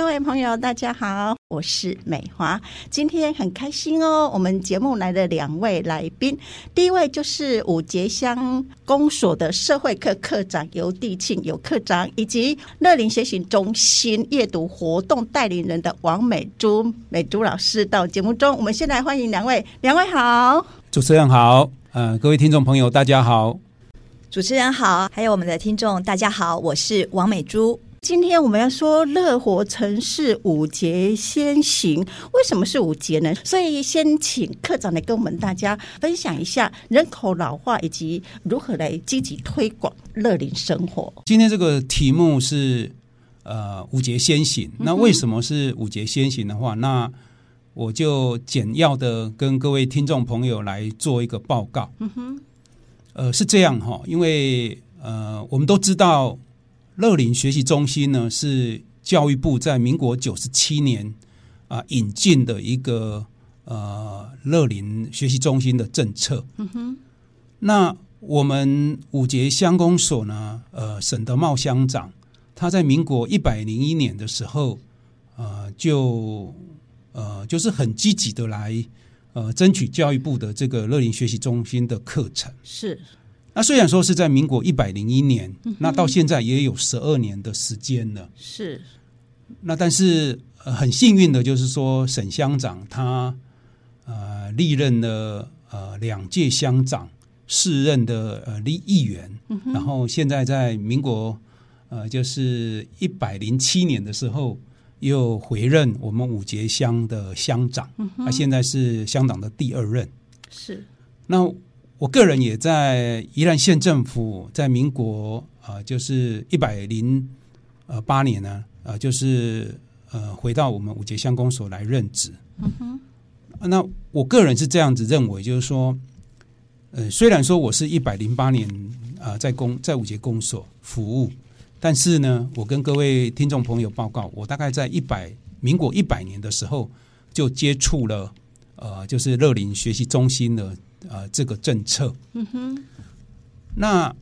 各位朋友，大家好，我是美華。今天很開心哦，我們節目來的兩位來賓，第一位就是五結鄉公所的社會課課長游帝慶游課長，以及樂齡學習中心閱讀活動帶領人的王美珠美珠老師到節目中。我們先來歡迎兩位，兩位好，主持人好，嗯、呃，各位聽眾朋友大家好，主持人好，還有我們的聽眾大家好，我是王美珠。今天我們要說樂活城市五結先行，為什麼是五結呢？所以先請課長來跟我們大家分享一下人口老化以及如何來積極推廣樂齡生活。今天這個題目是呃五結先行，那為什麼是五結先行的話、嗯？那我就簡要的跟各位聽眾朋友來做一個報告。嗯哼，呃是這樣哈，因為呃我們都知道。樂齡學習中心呢，是教育部在民國九十七年，呃、引進的一個呃樂齡學習中心的政策。嗯哼。那我們五結鄉公所呢，呃，沈德茂鄉長他在民國一百零一年的時候，呃，就呃就是很積極的來呃爭取教育部的這個樂齡學習中心的課程。是。那雖然說是在民國一百零一年、嗯，那到現在也有十二年的時間了。是，那但是、呃、很幸運的就是說，沈鄉長他呃歷任了呃兩屆鄉長，四任的呃立議員、嗯，然後現在在民國呃就是一百零七年的時候又回任我們五結鄉的鄉長，那、嗯、現在是鄉長的第二任。是，那。我個人也在宜蘭縣政府，在民國啊、呃，就是一百零呃八年呢，啊，就是呃回到我們五結鄉公所來任職。嗯哼。那我個人是這樣子認為，就是說，呃，雖然說我是一百零八年啊、呃，在公在五結公所服務，但是呢，我跟各位聽眾朋友報告，我大概在一百民國一百年的時候就接觸了，呃，就是樂齡學習中心的。呃，這個政策。嗯哼，那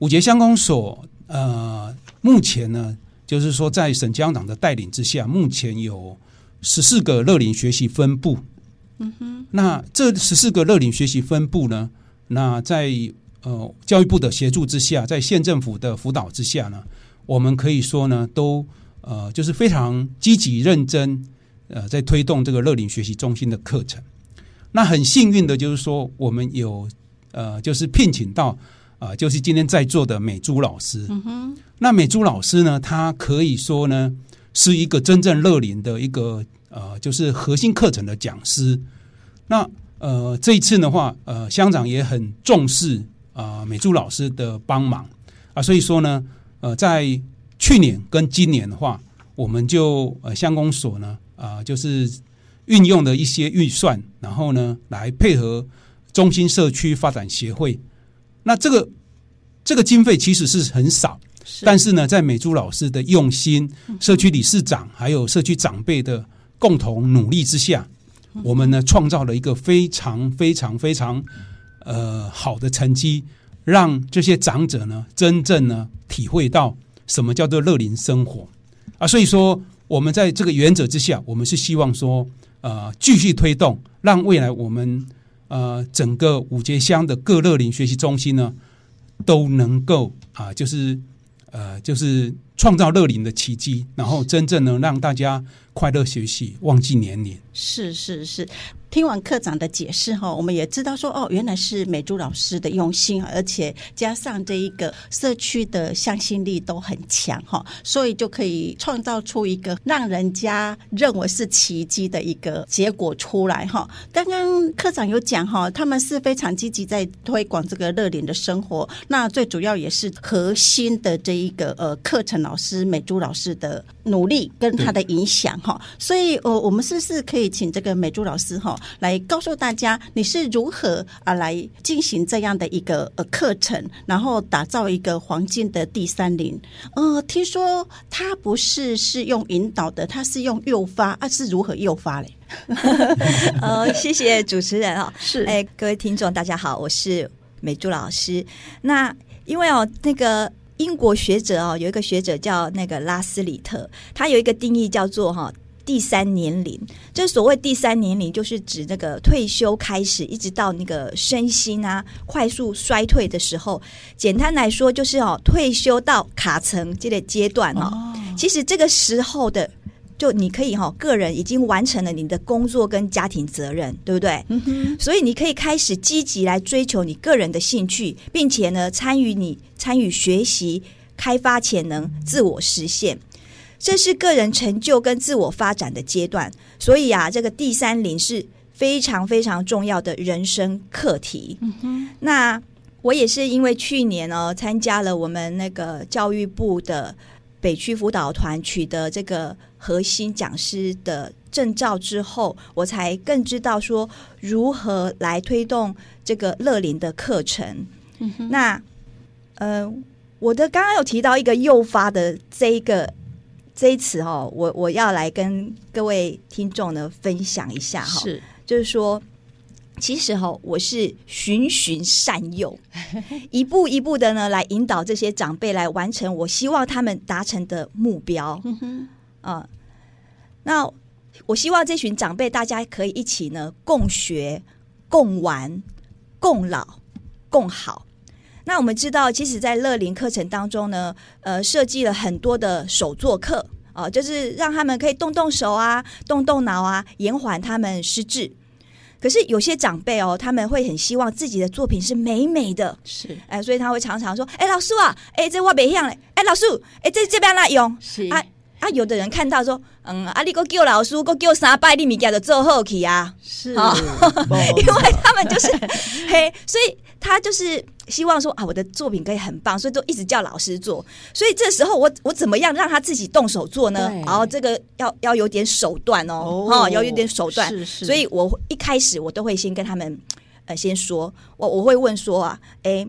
五結鄉公所呃，目前呢，就是說在沈鄉長的帶領之下，目前有十四個樂齡學習分部。嗯哼，那這十四個樂齡學習分部呢，那在呃教育部的協助之下，在縣政府的輔導之下呢，我們可以說呢，都呃就是非常積極認真，呃，在推動這個樂齡學習中心的課程。那很幸運的，就是說我們有，呃，就是聘請到，啊，就是今天在座的美珠老師。嗯哼。那美珠老師呢，他可以說呢，是一個真正樂齡的一個，呃，就是核心課程的講師。那呃，這一次的話，呃，鄉長也很重視啊，呃，美珠老師的幫忙啊，所以說呢，呃，在去年跟今年的話，我們就呃，鄉公所呢，啊，就是。運用的一些預算，然後呢，來配合中心社區發展協會。那這個這個經費其實是很少是，但是呢，在美珠老師的用心、社區理事長還有社區長輩的共同努力之下，我們呢創造了一個非常非常非常呃好的成績，讓這些長者呢真正呢體會到什麼叫做樂齡生活啊。所以說，我們在這個原則之下，我們是希望說。呃，繼續推動，讓未來我們呃整個五結鄉的各樂齡學習中心呢，都能夠啊，就是呃，就是。創造樂齡的奇蹟，然後真正能讓大家快樂學習，忘記年齡。是是是，聽完課長的解釋哈，我們也知道說哦，原來是美珠老師的用心，而且加上這一個社區的向心力都很強哈，所以就可以創造出一個讓人家認為是奇蹟的一個結果出來哈。剛剛課長有講哈，他們是非常積極在推廣這個樂齡的生活，那最主要也是核心的這一個呃課程。老師，美珠老師的努力跟他的影響哈、哦，所以我、呃、我們是不是可以請這個美珠老師哈、哦、來告訴大家，你是如何啊來進行這樣的一個呃課程，然後打造一個黃金的第三齡？呃，聽說他不是是用引導的，他是用誘發啊，是如何誘發嘞？ 呃，謝謝主持人啊、哦，是哎，各位聽眾大家好，我是美珠老師。那因為哦那個。英國學者啊、哦，有一個學者叫那個拉斯里特，他有一個定義叫做“哈第三年齡”。這所謂“第三年齡”，年齡就是指那個退休開始一直到那個身心啊快速衰退的時候。簡單來說，就是哦，退休到卡層這個階段哦。哦其實這個時候的。就你可以哈、哦，個人已經完成了你的工作跟家庭責任，對不對？嗯哼。所以你可以開始積極來追求你個人的興趣，並且呢，參與你參與學習、開發潛能、自我實現，這是個人成就跟自我發展的階段。所以啊，這個第三齡是非常非常重要的人生課題。嗯哼。那我也是因為去年哦，參加了我們那個教育部的。北區輔導團取得這個核心講師的證照之後，我才更知道說如何來推動這個樂齡的課程。嗯哼。那，呃，我的剛剛有提到一個誘發的這一個這一詞哦，我我要來跟各位聽眾呢分享一下哈，是，就是說。其實哈，我是循循善誘，一步一步的呢，來引導這些長輩來完成我希望他們達成的目標。 啊，那我希望這群長輩大家可以一起呢，共學、共玩、共老、共好。那我們知道，其實，在樂齡課程當中呢，呃，設計了很多的手作課，啊，就是讓他們可以動動手啊，動動腦啊，延緩他們失智。可是有些長輩哦，他們會很希望自己的作品是美美的，是哎、呃，所以他會常常說：“哎、欸，老師啊，哎、欸，這畫別樣哎，老師，哎、欸，這這邊那用是。啊”啊，有的人看到說，嗯，啊，你個叫老師，我叫啥拜你們家的做後期啊，是，啊、哦，因為他們就是， 嘿，所以他就是希望說啊，我的作品可以很棒，所以就一直叫老師做。所以這時候我我怎麼樣讓他自己動手做呢？然後、哦、這個要要有點手段哦，哈、哦，要、哦、有，有點手段。是是。所以，我一開始我都會先跟他們，呃，先說，我我會問說啊、欸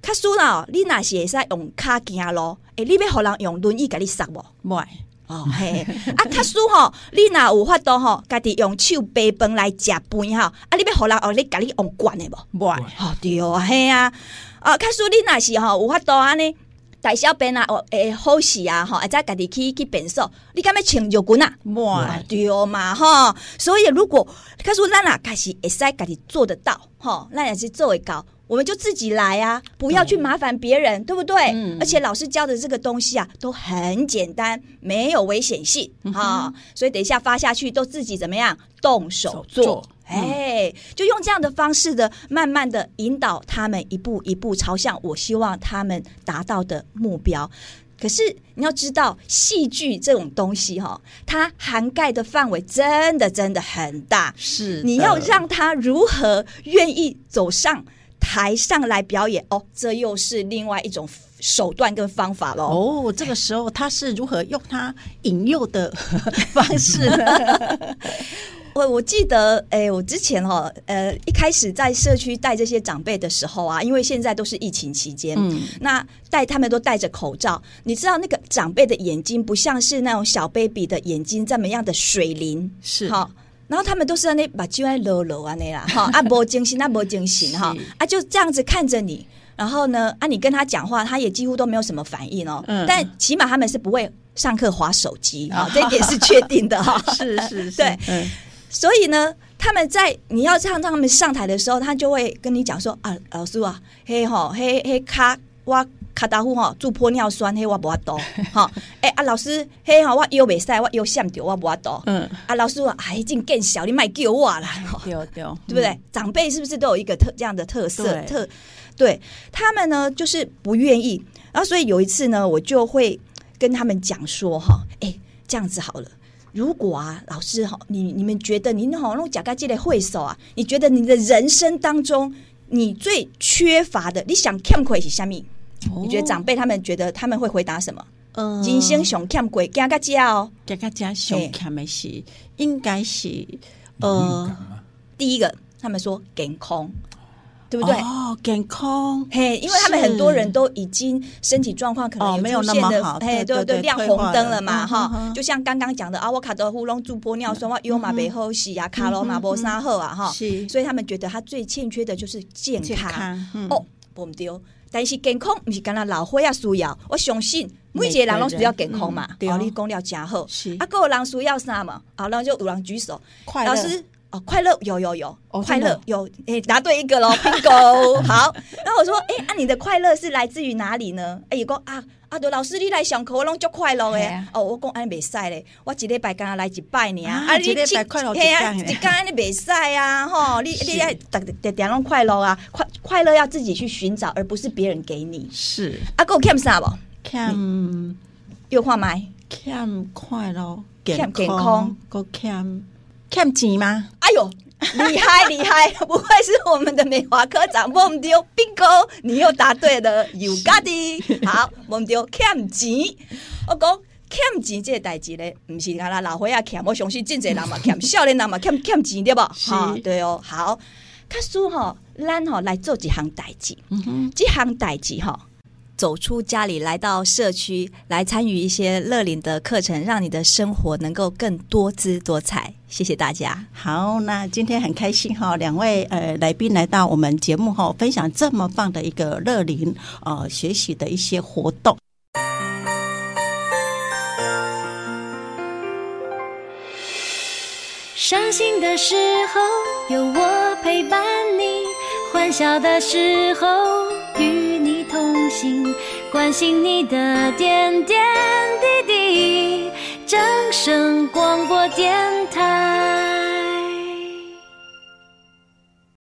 卡叔呢？你若是會使用骹行路，誒，你要互人用輪椅甲你殺無？袂。哎，哦嘿， 啊卡叔吼，你若有法度吼，家己用手背飯來食飯吼。啊，你要互人哦？你給你用管的無？袂。哎，對哦嘿啊！哦，卡叔，你若是吼，有法度安尼。大小便啊哦會好勢啊吼。會使家己去去便所，你敢要穿尿裙啊？袂。哎，對嘛吼、哦。所以如果卡叔咱若開始會使家己做得到吼。咱、哦、也是做會到。我們就自己來啊，不要去麻煩別人，嗯、對不對？嗯，而且老師教的這個東西啊，都很簡單，沒有危險性哈、嗯哦、所以等一下發下去，都自己怎麼樣動手做？哎、嗯，就用這樣的方式的，慢慢的引導他們一步一步朝向我希望他們達到的目標。可是你要知道，戲劇這種東西哈、哦，它涵蓋的範圍真的真的很大。是，你要讓他如何願意走上？台上來表演哦，這又是另外一種手段跟方法嘍。哦，這個時候他是如何用他引誘的方式 是 我我記得誒，我之前哦，呃，一開始在社區帶這些長輩的時候啊，因為現在都是疫情期間，嗯，那戴，他們都戴着口罩，你知道那個長輩的眼睛不像是那種小 baby 的眼睛這麼樣的水靈，是、哦然後他們都是在那把嘴在樂樂啊那啦，哈啊沒精神啊無精神哈 啊就這樣子看着你，然後呢啊你跟他講話，他也幾乎都沒有什麼反應哦，嗯、但起碼他們是不會上課滑手機啊， 這一點是確定的哈、哦， 是是，對，嗯、所以呢他們在你要讓他們上台的時候，他就會跟你講說啊老師啊嘿吼嘿嘿嘿咔哇。卡達夫哈，做玻尿酸，嘿，我無多哈。哎、欸，阿、啊、老師，嘿哈，我腰背塞，我腰閃到，我無多。嗯，阿、啊、老師，我、啊、還真更小，你賣給我啦，丟、嗯、丟、哦嗯，對不對？長輩是不是都有一個特這樣的特色？對特對，他們呢，就是不願意。然、啊、後，所以有一次呢，我就會跟他們講說，哈、哦，哎，這樣子好了，如果啊，老師哈、哦，你你們覺得您哈弄假蓋機的會所啊，你覺得你的人生當中，你最缺乏的，你想欠缺是蝦米？你覺得長輩他們覺得他們會回答什麼？呃，人生欠喔、欠嗯，人生熊看鬼，加個加哦，加個加熊應該是呃，第一個他們說健康，哦，對不對？哦，健康，嘿，因為他們很多人都已經身體狀況可能有、哦、沒有那麼好，嘿，對對，對，對，亮紅燈了嘛，哈、嗯。就像剛剛講的啊，我卡玻尿酸卡羅沙啊，哈、嗯嗯，所以他們覺得他最欠缺的就是健康，健康、嗯、哦。我不對，但是健康不是干那老火也需要。我相信每一個人都是需要健康嘛，嗯、對啊、哦。你講了真好是，啊，個人需要啥嘛？好、啊，那就有人舉手快樂。老師，哦，快樂有有有，哦、快樂有，誒、欸，答對一個咯，蘋 果 Bingo ,好。 說誒，阿、欸啊、你的快樂是來自於哪裡呢？哎、欸，我啊，阿、啊、杜老師，你來上課我攏就快樂誒、啊。哦，我講安尼袂使咧，我一禮拜敢若來一拜你啊。啊，你一禮拜快樂怎樣？一工安尼袂使啊，吼、啊 哦！你你愛點點樣攏快樂啊？快快樂要自己去尋找，而不是別人給你。是。阿哥欠啥不？你看，看，有看買？欠快樂，健康，哥欠欠錢嗎？哎喲。厲害厲害，不愧是我們的美華科長蒙丟 bingo，你又答對了，you got it。好，蒙丟欠錢，我講欠錢這代志咧，不是阿拉老伙仔欠，我相信真儕人嘛欠，少年人嘛欠欠錢對不、啊？對哦。好，看書哈，咱吼來做一項代志，這項代志哈。這走出家裡，來到社區，來參與一些樂齡的課程，讓你的生活能夠更多姿多彩。謝謝大家。好，那今天很開心哈，兩位呃來賓來到我們節目哈，分享這麼棒的一個樂齡呃學習的一些活動。傷心的時候有我陪伴你，歡笑的時候。關心你的點點滴滴，正聲廣播電臺。